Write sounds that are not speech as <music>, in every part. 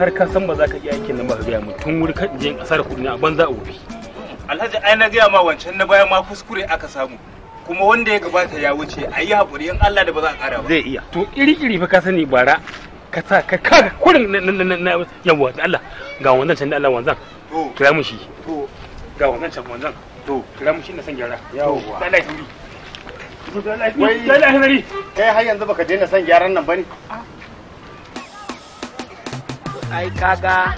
har ka san ba za ka iya aikin nan ba ka gaya mu tun wuri kan je kasar kudi na banza a alhaji ai na gaya ma wancan na baya ma kuskure aka samu kuma wanda ya gabata ya wuce a yi haƙuri in Allah da ba za a ƙara ba zai iya to iri iri fa ka sani bara ka sa ka ka kurin na yawa da Allah ga wannan can da Allah wanzan to kira mu shi to ga wannan can wanzan to kira mu shi na san gyara yawa da Allah turi wai da Allah eh har yanzu baka daina san gyaran nan bane ah. ai kaga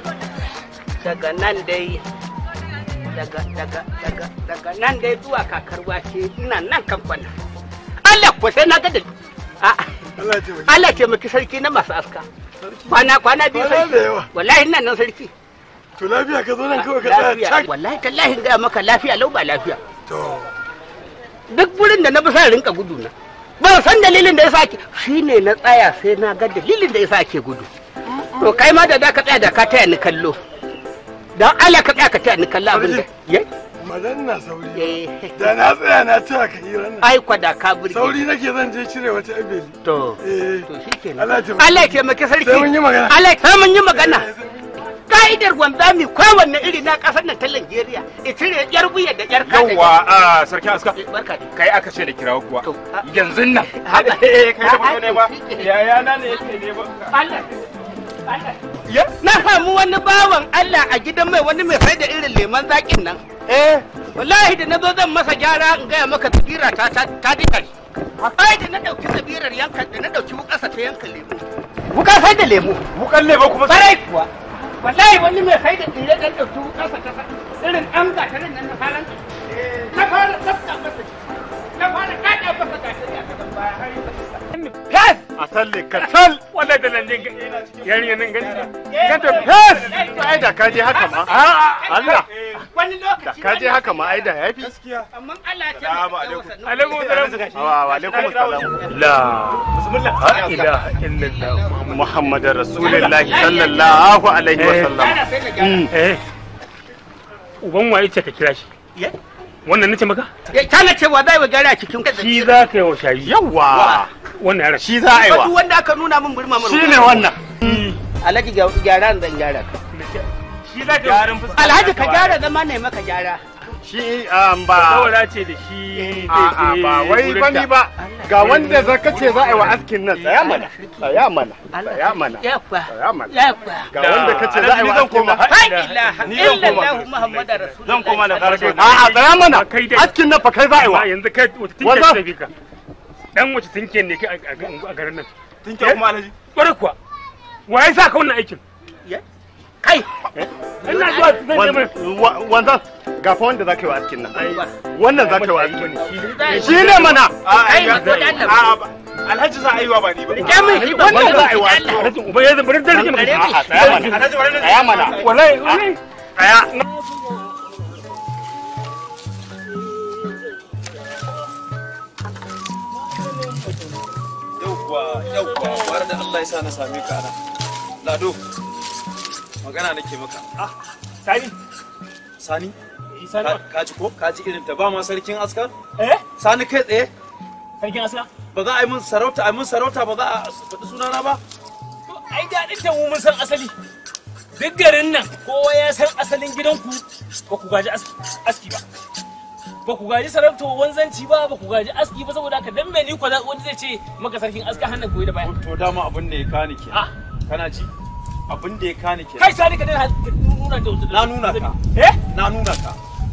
daga nan dai daga daga daga daga nan dai zuwa kakarwa ce ina nan kan kwana Allah ko sai na ga da Allah ce miki sarki na masu aska kwana kwana biyu sarki wallahi ina nan sarki to lafiya ka zo nan kawai ka tsaya wallahi tallahi ga maka lafiya lau ba lafiya to duk burin da na bi sa rinka gudu na ban san dalilin da ya sake shine na tsaya sai na ga dalilin da ya sake gudu to kai ma da da ka tsaya da ka taya ni kallo dan Allah ka tsaya ka taya ni kallo abin da ya madanna sauri eh. da na tsaya na taya ka hira nan ai kwada ka burge sauri nake zan je cire wata abeli to eh. to shikenan Allah ya taimake sarki sai mun yi magana Allah eh, sai mun yi magana ka'idar gwanza wanzami kowanne iri na kasar nan ta Najeriya itire yar wuya da yar kada yawa a sarki aska barka kai aka ce da kirawo kuwa yanzu nan kai ta da ne ba yaya nan ne yake ne ba Allah Na samu wani bawan Allah a gidan mai wani mai sai da irin leman zaƙin nan. Eh. Wallahi da na zo zan masa gyara in gaya maka tsibira ta ta dika shi. Ai da na ɗauki tsibirar yankan da na ɗauki wukarsa ta yanka lemu. Wuka sai da lemu. Wukar lemu kuma. Barai kuwa. Wallahi wani mai sai da tsire ɗan ɗauki wukarsa ta sa irin an gatarin nan na faran. Na eh, fara tsafta masa Na fara kaɗa masa gatarin a kasan baya har yi Yes! A salle ka wannan da nan yarinya nan gani fes to ai da haka ma Allah eh, wani lokaci haka ma ai da yafi gaskiya amma Allah ya tabbata alaikum salam wa alaikum salam la bismillah la ilaha illallah muhammadar rasulullah sallallahu alaihi wasallam mm. eh uban waye ce ka kira shi wannan nace maka eh, ta na cewa zai wa gari a cikin shi za ka yi wa shayi yawa wannan yara shi za a yi wa duk wanda aka nuna min burma shi ne wannan alhaji gyara zan gyara ka shi za ka alhaji ka gyara zama ne maka gyara shi ah, ba saboda ce da shi eh, a ah, ah, ba wai bani ba ga eh. wanda za ka ce za a yi wa askin nan tsaya mana tsaya mana tsaya mana tsaya mana ga wanda ka ce za a yi wa askin nan ni zan koma muhammadu rasul zan koma da karfe a a tsaya mana askin nan fa kai za a yi wa yanzu kai wata da bika dan wace tinke ne kai a garin nan tinke kuma alaji eh? kware kuwa waye sa ka wannan aikin kai ina zuwa zan je mai wanzan gafa fa wanda zaka yi wa askin nan wannan zaka yi wa askin shi ne mana alhaji za a yi wa ba ni ba wannan za a yi wa ya da rike min a'a tsaya mana tsaya mana wallahi tsaya yauwa war da Allah ya sa na same ka ana lado magana nake maka ah sani sani sarki sani ka ji ko ka ji irin ta ba ma sarkin askar eh sani kai tsaye sarkin askar ba za a yi mun sarauta a yi mun sarauta ba za a faɗi sunana ba to ai daɗin ta mu mun san asali duk garin nan kowa ya san asalin gidanku ba ku gaji aski ba ba ku gaji sarauta wanzanci ba ba ku gaji aski ba saboda ka dan me ni ko wani zai ce maka sarkin aska hannun goyi da baya to dama abin da ya kani ke ah. kana ji abin da ya kani ke kai sani ka dai nuna da na nuna ka eh na nuna ka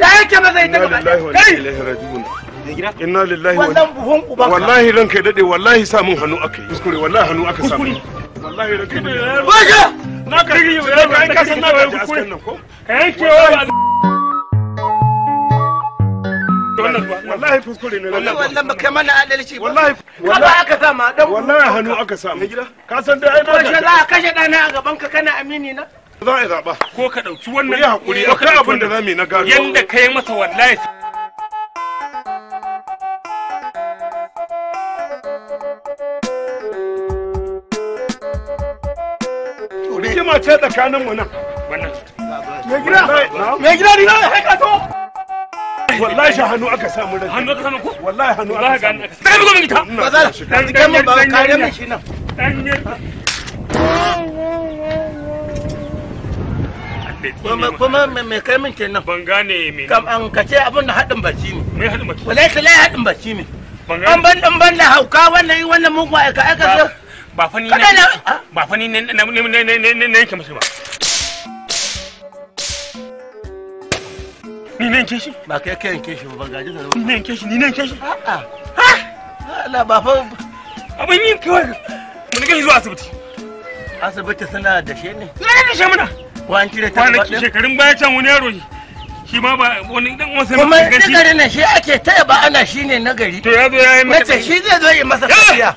ya zai inna lillahi wa wannan buhun uba wallahi ranka ya dade wallahi sa mun hannu akai kuskure wallahi hannu aka sa mun wallahi ranka ya dade na ka yau ka san na kuskure ka yanke wa wallahi kuskure ne ba kai mana adalci aka sa ma dan wallahi hannu aka sa mu ka san dai ai kashe dana a gaban ka kana amini na za a zaɓa ko ka ɗauki wannan ya hakuri akwai abin da za mu yi na gado yanda ka yi masa wallahi rigima ce tsakanin mu nan wannan gida gida ni na haika to wallahi hannu aka samu rai hannu aka samu ko wallahi hannu aka samu sai mu go mu gita ba za ka kai mu ba kare mu kuma kuma me kai min kenan ban gane me kam an kace abin da hadin baki ne me hadin baki wallahi baki ne an ban dan ban da hauka wannan yi wannan mugu aika aika ba fa ni ba fa ni ne ne ne ne ne yake ba ni ne shi ba kai kai yake shi ba gaji ni ne yake shi ni ne yake shi a'a ha ba fa abin yin kawai mun ga zuwa asibiti asibiti suna da shi ne suna da shi muna ko an cire kwanaki shekarun baya can wani yaro shi ma ba wani dan wasa kuma nagari ne shi ake taya ba ana shine nagari to ya zo ya yi masa shi zai zo yi masa tafiya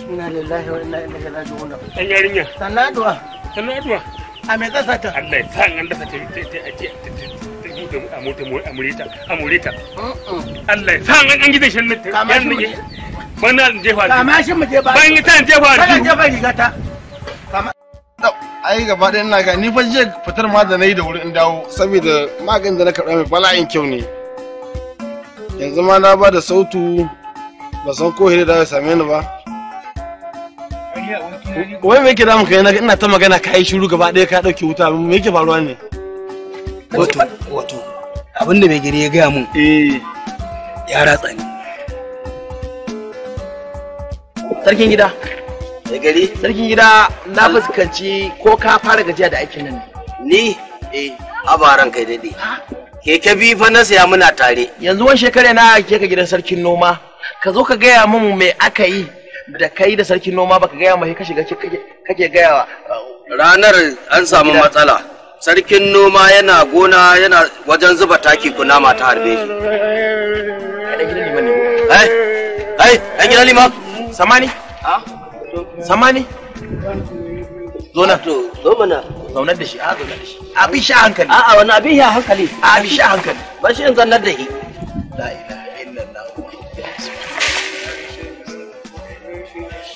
inna lillahi wa inna ilaihi raji'un dan yarinya sanaduwa sanaduwa a me tsasa ta Allah ya sa an dafa ta a mota a murita a murita Allah ya sa an an gidan shan ta kama shi mu jefa kama shi mu jefa bayan ta jefa rigata ai gaba ɗaya ina ga ni fa jiya fitar ma da nayi da wurin in dawo saboda maganin da na karɓa mai bala'in kyau ne yanzu ma na ba da sautu ba san ko hira da ya same ni ba wai me yake damu kai na ina ta magana ka yi shiru gaba ɗaya ka ɗauke wuta me yake faruwa ne wato wato abinda mai gari ya gaya mun eh ya ratsa ni sarkin gida gari sarkin gida na fuskanci ko ka fara gajiya da aikin nan ni eh baran kai daidai keke bi fa na saya muna tare yanzu wani shekara na ke ka gidan sarkin noma ka zo ka gaya min me aka yi da kai da sarkin noma baka gaya mai ka shiga kake gaya ranar an samu matsala sarkin noma yana gona yana wajen zuba taki kunama ta harbe shi eh, eh, ai ai an gidan lima samani ah? samani zona to zo mana zaunar da shi a zaunar da shi a bi hankali a'a wani abin ya hankali a bi shi hankali ba shi in zannar da shi la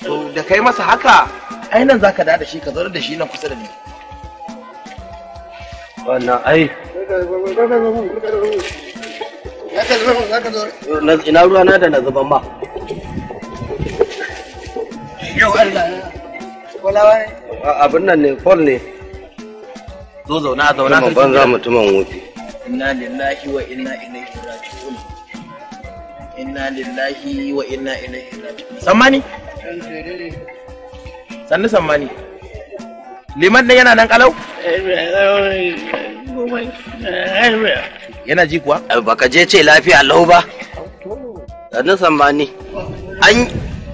to da kai masa haka ai nan zaka da da shi ka zaunar da shi nan kusa da ni wannan ai ina ruwa na da na zuban ma yau Allah kwalawa ne abin nan ne fol ne zo zauna zauna kan banza mutumin wofi inna lillahi wa inna ilaihi raji'un inna lillahi wa inna ilaihi raji'un sammani sannu sammani liman nan yana nan kalau yana ji kuwa baka je ce lafiya lau ba sannu sammani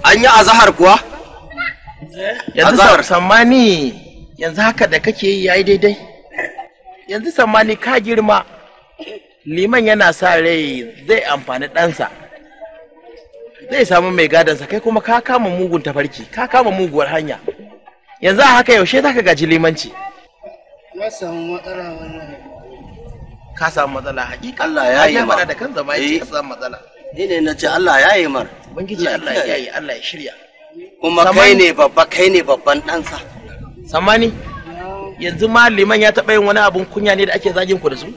an yi azahar kuwa yanzu sammani yanzu haka da kake yi yayi daidai yanzu sammani ka girma liman yana sa rai zai amfani ɗansa zai samu mai gadansa kai kuma ka kama mugun tafarki ka kama muguwar hanya yanzu a haka yaushe za ka gaji limanci na samu matsala wannan ka samu matsala hakika Allah ya yi mara da kan zama ya samu matsala ni ne na ce Allah ya yi mara. ubangiji Allah ya yi Allah ya shirya kuma kai ne babba kai ne babban ɗansa Samani, yanzu ma liman ya taɓa yin wani abun kunya ne da ake zagin ku da su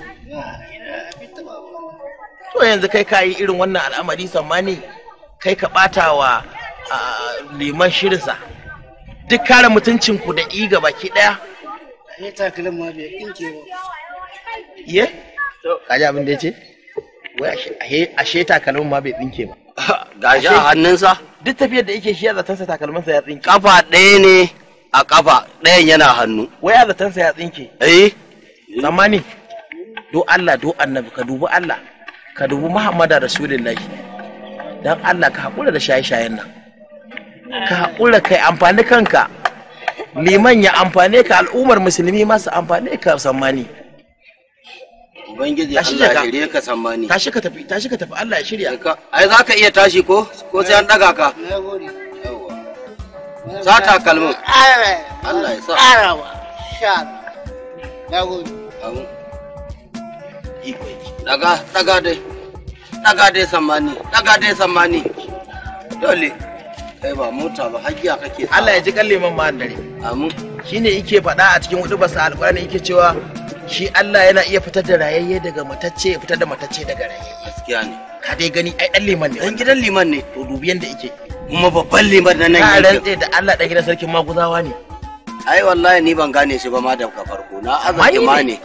to yanzu kai ka yi irin wannan al'amari samani kai ka ɓata wa liman shirinsa duk kare mutuncinku da da iga baki ɗaya ya eh, takalin ma bai ɗinke ba ye kaji abin da ya ce wai ashe takalmin ma bai ɗinke ba gashi a hannunsa duk tafiyar da yake shi a zatansa takalmansa ya tsinke kafa ɗaya ne a kafa ɗayan yana hannu wai a tansa ya tsinke eh tsammani do Allah do annabi ka dubi Allah ka dubi Muhammadu Rasulullahi dan Allah ka haƙura da shaye-shayen nan ka haƙura kai amfani kanka liman ya amfane ka al'ummar musulmi masu amfane ka tsammani ubangiji Allah ya gire ka sammani tashi ka tafi tashi ka tafi Allah ya shirya ai za ka iya tashi ko ko sai an daga ka za ta kalmin Allah ya sa arawa sha na gode daga daga dai daga dai sammani daga dai sammani dole kai ba mota ba hajiya kake Allah ya ji kalle man ma dare amin shine yake faɗa a cikin hudu basa alƙur'ani yake cewa shi Allah yana iya fitar da rayayye daga matacce ya fitar da matacce daga rayayye gaskiya ne ka dai gani ai dan liman ne dan gidan liman ne to dubi yanda yake kuma babban liman na nan yake ka rantse da Allah dan gidan sarkin maguzawa ne ai wallahi ni ban gane shi ba ma da farko na azaki ma ne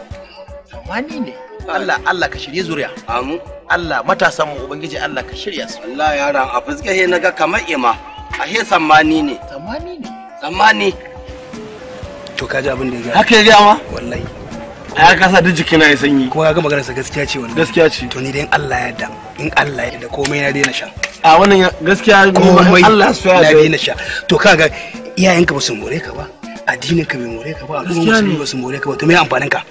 wani ne Allah Allah ka shirye zuriya amu Allah matasan mu ubangiji Allah ka shirya su Allah yaran a fuska he naga kamar ima a he sammani ne sammani ne sammani to kaji abin da ya haka ya ga ma wallahi a ya kasa duk jikina ya sanyi kuma ya ga magana sa gaskiya ce wannan gaskiya ce to ni dai in Allah ya yarda in Allah ya yarda komai na daina sha a wannan gaskiya komai Allah su ya daina sha to ga iyayenka ba su more ka ba addinin ka bai more ka ba al'umma musulmi ba su more ka ba to me amfanin ka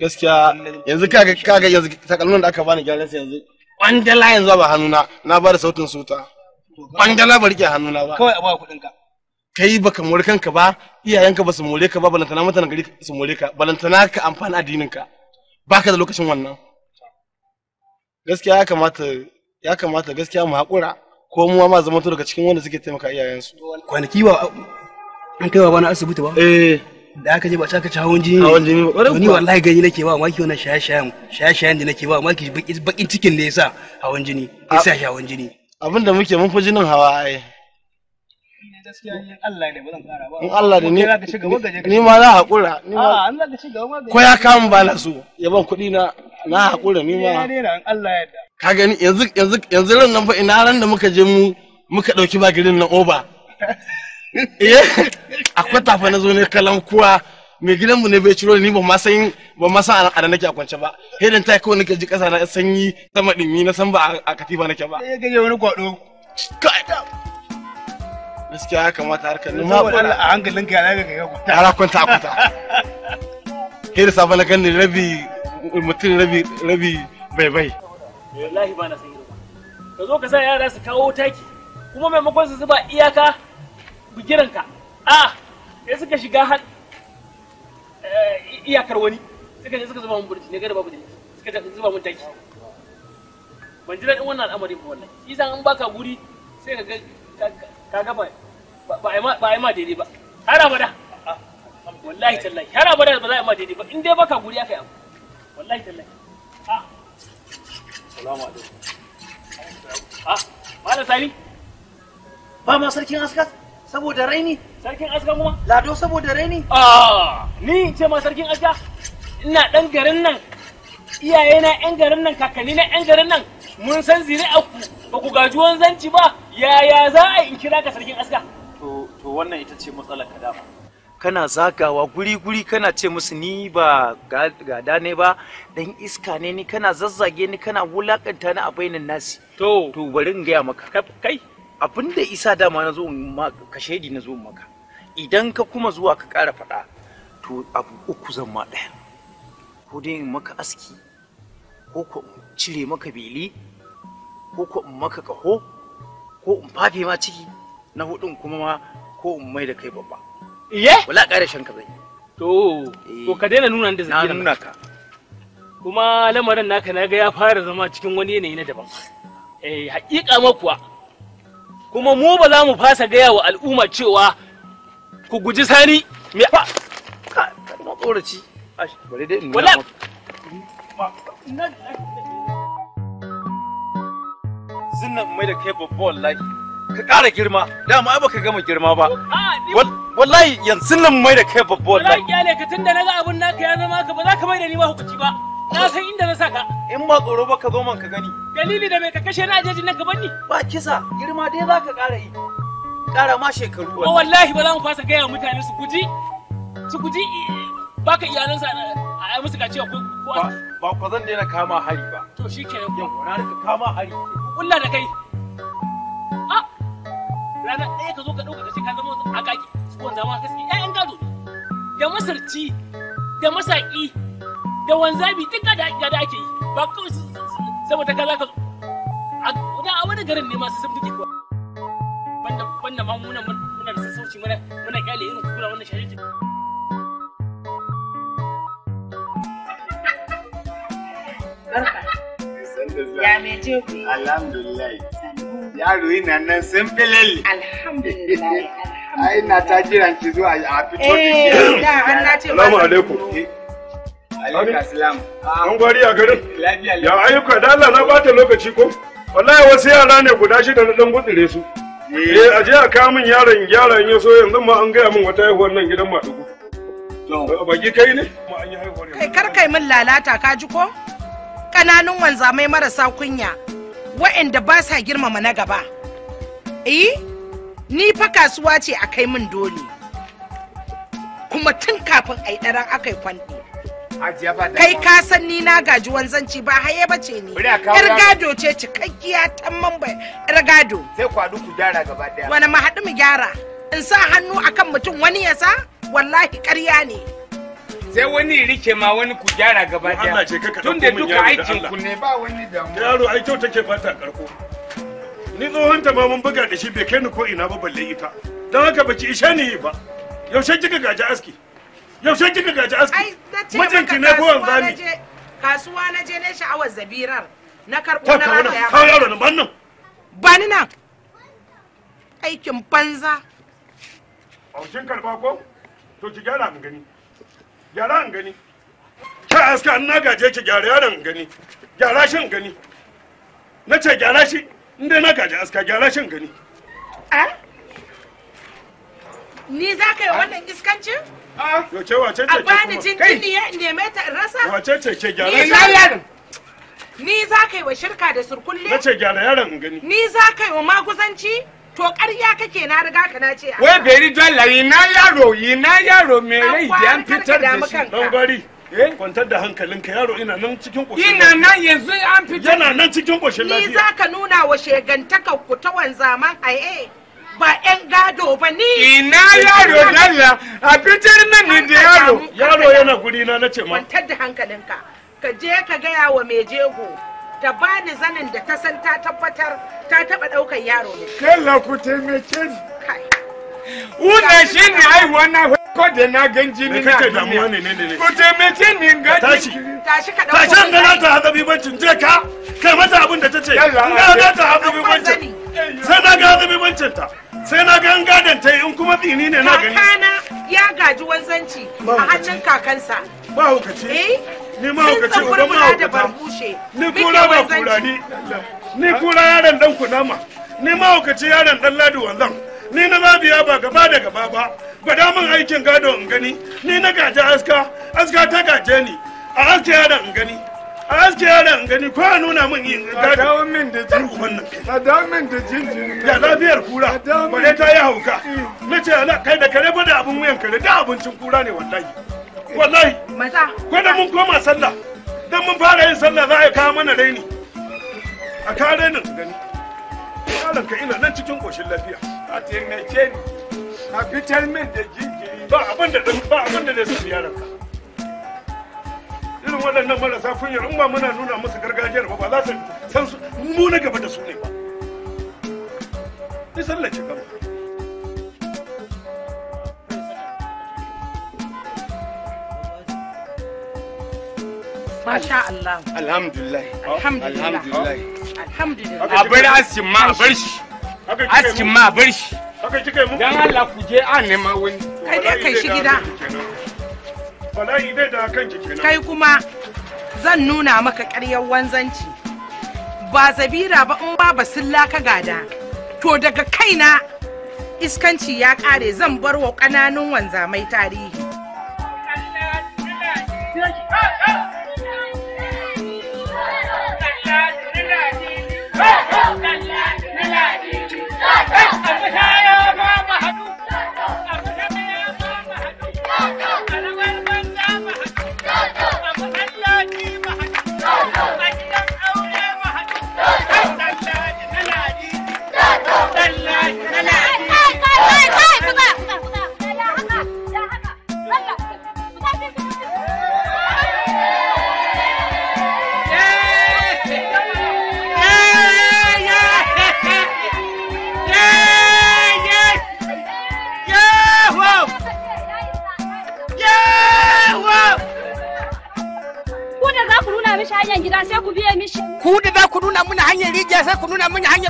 gaskiya yanzu ka ga yanzu takalmin da aka bani gyaran yanzu. yanzu la yanzu ba hannuna na ba da sautin suta kwandala ba rike hannuna ba kawai a ba kuɗin ka kai baka more kanka ba iyayenka ba su more ka ba balantana mutane gari su more ka balantana ka amfani addinin ka baka da lokacin wannan gaskiya ya kamata ya kamata gaskiya mu haƙura ko mu ma zama to daga cikin wanda suke taimaka iyayensu kwanaki ba an kai ba na asibiti ba eh da aka je ba ta ci hawan jini hawan jini ba ni wallahi gani nake ba maki wannan shaya-shayan shaya-shayan da nake ba maki bakin cikin ne yasa hawan jini yasa hawan jini abinda muke mun fi jinin hawa ai in Allah da ni ni ma na ba na na ka gani yanzu yanzu nan fa ina ran da muka je mu muka nan oba <laughs> eh akwai tafa na zo ne kalan kuwa mai gidanmu ne bai ciro ni ba ma san ba ma a nake a kwance ba hedan ta kawai nake ji kasa na sanyi sama dimi na san ba a katifa nake ba eh gaskiya ya kamata harkar noma ba a hankalin ka ya ga kwanta ya kwanta kwanta ke da safa na ganin rabi mutum rabi rabi bai bai wallahi ba na san yi ka zo ka sa yara su kawo taki kuma maimakon su zuba iyaka bigiranka a sai suka shiga har eh, iyakar wani suka je suka zuba mun burji ne gada babu dalili suka zuba mun taki ban ji daɗin wannan al'amari ba wallahi isan an baka guri sai ka ga ka ga ba ba ma daidai ma daidai ba ah. ah. ba ma sarkin askas saboda raini sarkin aska kuma lado saboda raini ah. ni ce ma sarkin aska ina dan garin nan iyaye na yan garin nan kakanni na yan garin nan mun san zuri'a ba ku gaji wanzanci ba yaya za a in kira ka sarkin aska to wannan ita ce matsalar ka dama kana zagawa guri-guri kana ce musu ni ba gada ne ba dan iska ne ni kana zazzage ni kana wulakanta ni a bainin nasi to to bari in gaya maka kai abinda isa dama na zo ka shaidi na zo maka idan ka kuma zuwa ka kara faɗa to abu uku zan ma ɗaya ko dai in maka aski ko ko in cire maka beli ko ko in maka kaho ko in fafe ma ciki na hudun kuma ma ko in mai da kai babba iye wala ƙara shan ka zai to ko ka daina nuna da zai nuna ka kuma lamarin naka na ga ya fara zama cikin wani yanayi na daban eh haƙiƙa ma kuwa kuma mu ba za mu fasa gaya wa al'umma cewa ku guji sani me ka ka tsoraci wala Zinna mai da kai babba wallahi. Ka ƙara girma, dama ai baka gama girma ba. Wallahi yanzu nan mai da kai babba wallahi. Wallahi kyale ka tunda naga abun naka ya zama ka ba za ka mai da ni ma hukunci ba. Na san inda na saka. In ba tsoro ba ka zo man ka gani. Dalili da mai ka kashe na ajejin nan gaban ni. Ba kisa, girma dai za ka ƙara yi. Ƙara ma shekaru. Wallahi ba za mu fasa gaya mutane su guji. Su guji eh, baka iyalansa ai musu kace ku ba ku zan daina kama hari ba to shikenan yau na rika kama hari kulla da kai a rana ɗaya ka zo ka ɗauka kace ka zama akaki tsohon zama gaske ƴaƴan gado da masarci da masaki da wanzabi duk da da ake yi ba kawai saboda ka za ka zo. a wani garin ne masu sun kuwa Wannan ma mamunan munar sun sauci mana muna kyale irin kula wannan shari'a barka ya je alhamdulillah nan sun alhamdulillah ai na ta kiran ki a fito an eh, na ah. garin ya ayyuka da na bata lokaci ko wallahi wasu yara ne guda shida na dan gutsire su eh. eh a je a kawo min yaron gyara so yanzu an gaya min wata haihuwar nan gidan kai ne ma yi min lalata ka ji ko ƙananun wanzamai marasa kunya waɗanda ba sa girmama na gaba eh ni fa kasuwa ce a kai min dole kuma tun kafin a yi ɗaran aka yi kwanɗe kai ka san ni na gaji wanzanci ba haye ba ce ni yar gado ce cikakkiya ta mamba yar gado sai kwadu ku gyara gaba ɗaya. wani mu mu gyara in sa hannu akan mutum wani ya sa wallahi ƙarya ne sai wani rike ma wani ku gyara gaba daya tun da duka aikin ku ne ba wani damu yaro ai kyau take fata karko ni tsohon ta mun buga da shi bai kai ni ko ina ba balle ita don haka baki isha ni ba yaushe kika gaji aski yaushe kika gaji aski mijinki ne ko wanzami kasuwa na je ne sha'awar zabirar na karɓo na rana ya kawo yaro nan bannan ba ni nan aikin banza Aushin karba ko? To ki gyara mu gani. gyara an gani kai aska an na gaje ki gyara yaron gani gyara shin gani na ce gyara shi inda na gaje aska gyara shin gani eh? ni za ka yi ah. wannan iskancin ah. yo ce wace ce ke kuma a jindini ya neme ta in rasa wace ce ke gyara yaron ni za ka yi wa shirka da surkulle na ce gyara yaron gani ni za ka yi wa maguzanci to ƙarya kake na riga ka na ce wai beri dalla yi na yaro yi na yaro me rai an fitar da shi dangwari eh? kwantar da hankalin ka yaro ina nan cikin ƙoshin ina nan yanzu an fitar yana nan cikin ƙoshin lafiya ni za ka nuna wa shegantakar ku ta wanzaman haye ba 'yan gado ba ni. Ina yaro dalla a fitar nan ni da yaro. Yaro yana guri na na ce ma. Kwantar da hankalinka. Ka je ka gaya wa mai jego. da ni zanin da ta san ta tabbatar ta taba daukar yaro ne kalla ku taimake ni Una shi ne ai wannan ko da na gan jini na kake ne ku taimake ni ga tashi tashi ka dauko tashi ga za ta bibancin je ka kai mata abin da ta ce ga za ta haɗa bibancin sai na ga haɗa bibancin ta sai na ga gadon ta in kuma tsini ne na gani kakana ya gaji wanzanci a hacin kakansa ba hukaci eh ni ma ka ce uban ma ka ta ni kura ba kura ni ni kura yaron dan kunama ni ma ka ce yaron dan ladi wallan ni na babiya ba gaba da gaba ba gwada min aikin gado in gani ni na gaji aska aska ta gaje ni a aske yaron in gani a aske yaron in gani ko nuna min yin gado a dawo min da jinjin a dawo min da jinjin da lafiyar kura bare ta yi hauka mm. na ce kai da kare ba da abin wuyan kare da abincin kura ne wallahi wallahi maza ko mun koma sallah dan mun fara yin sallah za a kawo mana raini a kawo rainin su gani yaron ka ina nan cikin koshin lafiya a taimake ni a fitar min da jinkiri ba abin da ba abin da zai su yaran ka irin waɗannan marasa kunya in ba muna nuna musu gargajiyar ba ba za su san su mu na gaba da su ne ba ni sallah ce gaba Alhamdulillah. A bari a bar ma a bar shi. dai kai gida. Kai kuma zan nuna maka ƙaryar wanzanci. Ba zabira ba in ba basilla ka gada. To daga kaina iskanci ya ƙare zan bar wa ƙananun wanzamai tarihi.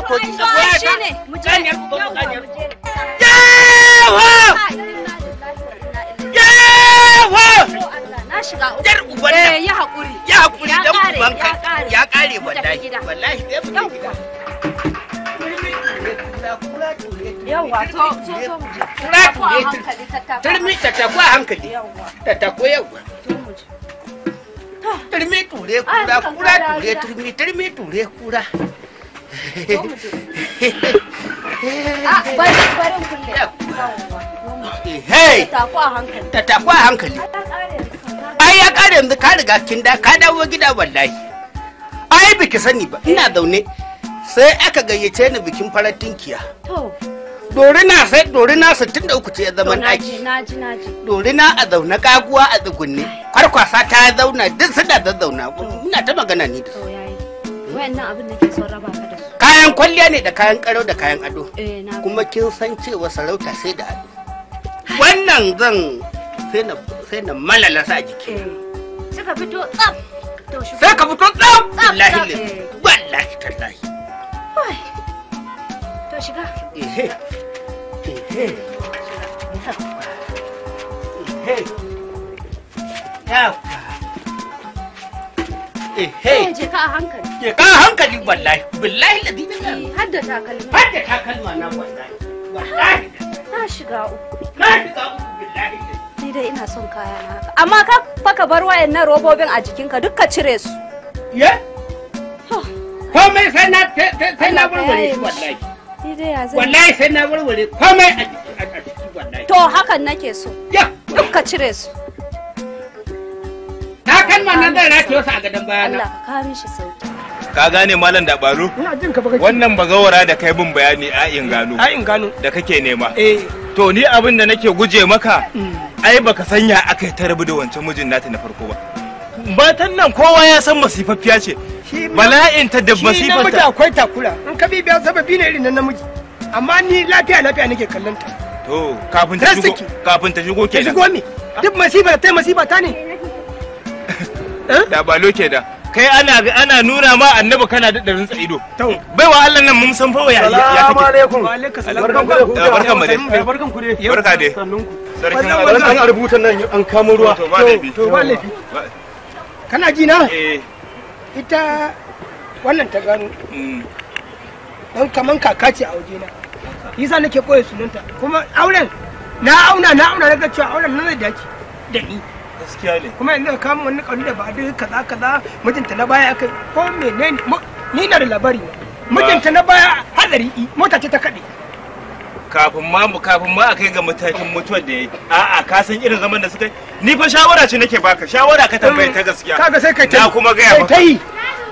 recording. Oh my God, shine it. Mujahid. Yawa! Yawa! Na shiga uku. Jar uban nan. Ya haƙuri. Ya haƙuri dan uban ka. Ya ƙare wallahi. Wallahi sai mu gida. Yawa to to to mu je. Tura ture. Turmi ta tafi a hankali. Ta tafi yawa. Turmi ture kura kura ture turmi turmi ture kura. ta a hankali ai ya kare yanzu ka riga kin da ka dawo gida wallahi ai biki sani ba ina zaune sai aka gayyace ni bikin farar tinkiya dorina sai da uku ce ya zama Dori na a zaune kaguwa a tsugunne kwarkwasa ta zauna duk suna zauna. ina ta magana ni da su kayan kwalliya ne da kayan karo da kayan ado eh, kuma kin san cewa sarauta sai da ado wannan zan sai na malala sa a jiki eh, sai ka fito tsaf wallahi eh. wallahi tallahi shiga ehe je ka hankali je ka hankali wallahi billahi ladi eh, hadda ta takalma hadda ta takalma na wallahi wallahi na shiga uku na shiga uku wallahi. ni dai ina son kaya na haka amma ka faka bar wayannan robobin a jikinka duk ka cire su ye komai sai na sai na burware shi wallahi wallahi sai na burware komai a jiki wallahi to hakan nake so duk ka cire su zuman nan zan rake wasu a gadon Allah ka kare shi sauki. Ka gane malam da baro? Ina jin ka baka. Wannan bazawara da kai bin bayani a in gano. A in gano. Da kake nema. Eh. To ni abin da nake guje maka. Mm. Ai baka sanya akai tarbi da wancan mijin nata na farko ba. Mm. Matan nan kowa ya san masifaffiya ce. bala'in ta da masifar ta. Shi namiji akwai takura. In ka bi biyan sababi ne irin na namiji. Amma ni lafiya lafiya nake kallon ta. To kafin ta shigo kafin ta shigo ke shigo me? Ah. Duk masifa ta masifa ta ne. Eh? da ba loke da kai ana ana nuna ma annabi kana da darin ido baiwa Allah nan mun san fa ya ya kake assalamu alaikum wa alaikum eh, barkan mu barkan ku da barka dai sarki na wannan an nan an kamo ruwa to ba laifi to ba kana ji na eh ita wannan ta gano mm. dan kaman kaka ce a waje na yasa nake koyi sunanta kuma auren na auna na auna daga cewa auren nan da dace da ni gaskiya ne kuma yanzu ka kama wani kalu da ba duk kaza kaza mijinta na baya aka ko menene ni na da labari mijinta na baya hadari mota ce ta kade kafin ma mu kafin ma akai ga matakin mutuwar da yayi a'a ka san irin zaman da suka yi ni fa shawara ce nake baka shawara ka tambaye ta gaskiya kaga sai ka ta na kuma ga maka kai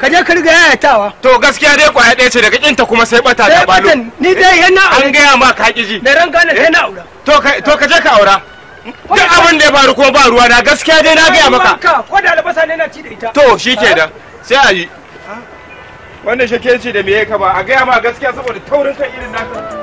ka je ka riga yayatawa to gaskiya dai kwaya ɗaya ce daga kinta kuma sai bata ta balo ni dai yana an ga ma ka kiji da ran gane sai na aura to ka to ka je ka aura duk abin da ya faru ko ba ruwa na gaskiya dai na gaya maka ko da albasa ne na ci da ita to shi ke da sai a yi shi shake ci da me ya ba a gaya ma gaskiya saboda taurin kan irin naka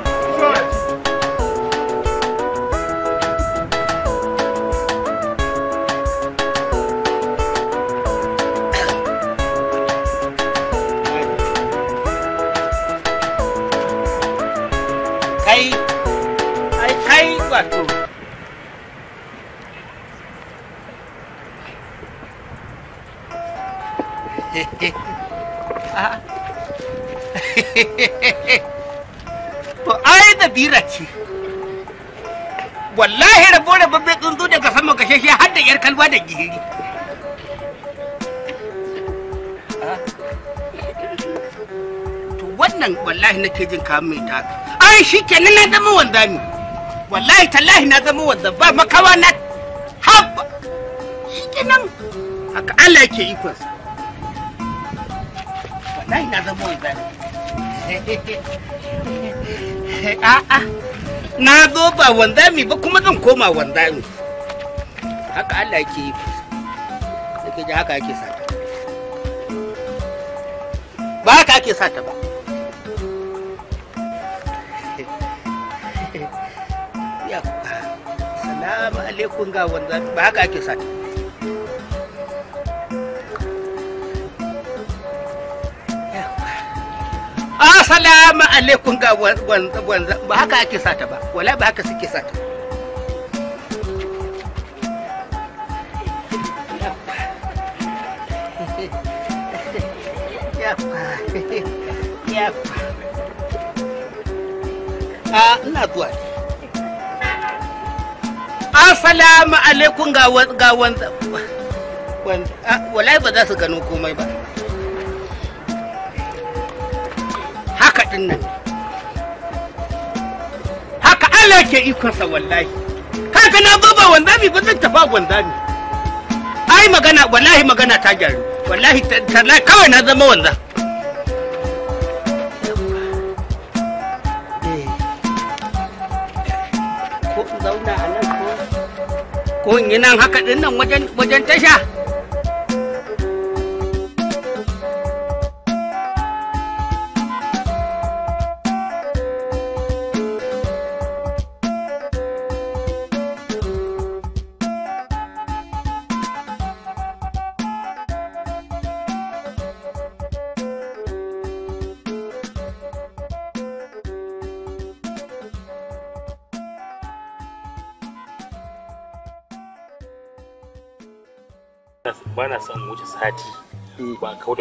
to ai da bira ce wallahi rabo rabo babbe tsuntsu daga sama gashe har da yar kalwa da gihiri to wannan wallahi nake jin ka mai ta ai shi kenan na zama wanzami wallahi tallahi na zama wanda ba makawa na haba shi kenan haka Allah yake ikonsa wallahi na zama wanzami a'a na zo ba wanzami ba kuma zan koma wanzami haka Allah ke yi yake ji haka yake sata ba haka ake sata ba <laughs> salamu alaikum ga wanzami ba haka ake sata assalamu alaikum ga wanzan ba haka ake sata ba wala ba haka suke sata a ah, ina zuwa assalamu alaikum ga wanzan ah, wala ba za su gano komai ba din nan haka Allah ke ikonsa wallahi kaga na baba wanzami ba zan tafa wanzami ai magana wallahi magana ta gyaru wallahi tallahi kawai na zama wanza eh. ko in yi nan haka dinnan wajen tasha ba na son wuce sati hmm. ba kau da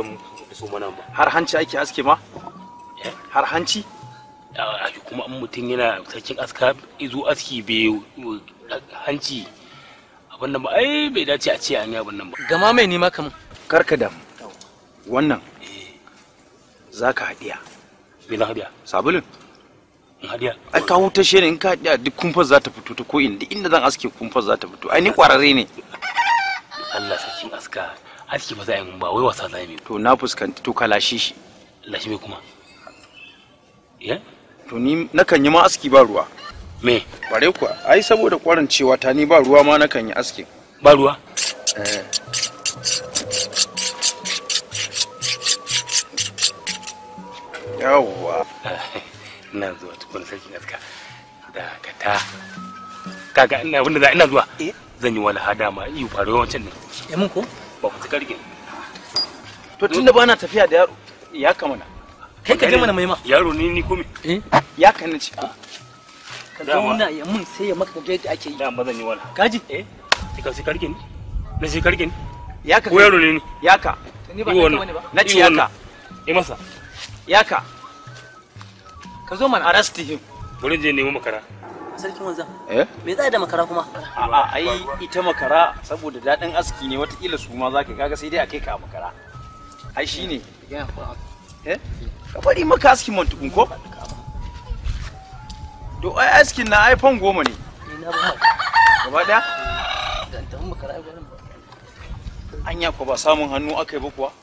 su mana ba har hanci ake aske ma har hanci a kuma an mutum yana sarkin aska izo aski bai eh, hanci abin nan ba ai bai dace a ce an yi abin nan ba gama mai nema kamun karka da wannan eh. za ka haɗiya bai na haɗiya sabulin hadiya ai ka hutashe ne in ka hadiya duk kumfar za ta fito ta ko inda inda zan aske kumfar za ta fito ai ni ƙwararre ne fuska a cikin fasa yin ba wai wasa zai to na fuskanci to ka lashe shi lashe me kuma ya eh? to ni nakan yi ma aski ba ruwa me bare ku ai saboda kwarin cewa ta ni ba ruwa ma nakan yi aski ba ruwa eh yawwa <laughs> na zuwa tukun sarki aska da ka ta kaga ina wanda za ina zuwa eh? zan yi wani hada ma iyo faruwa wancan ne eh ya mun ko ba ku tsika rigin to tunda ba na tafiya da yaro ya kama na kai ka je mana mai ma yaro ni ni kome eh ya kana ci ka ah. zauna ya mun sai ya maka gaji ake yi yi wala kaji eh ka sai ni na sai karke ni ka ko yaro ne ni ni ba na ci yaka yi masa yaka ka zo mana arrest him bari je nemo makara sarkin wanzan eh? me za a da makara kuma a'a ai ita makara saboda daɗin aski ne watakila su ma ka kaga sai dai a kai ka makara ai shine eh? ka bari maka askin man tukun ko to ai askin na iphone goma ne gaba daya anya ko ba samun hannu aka ba kuwa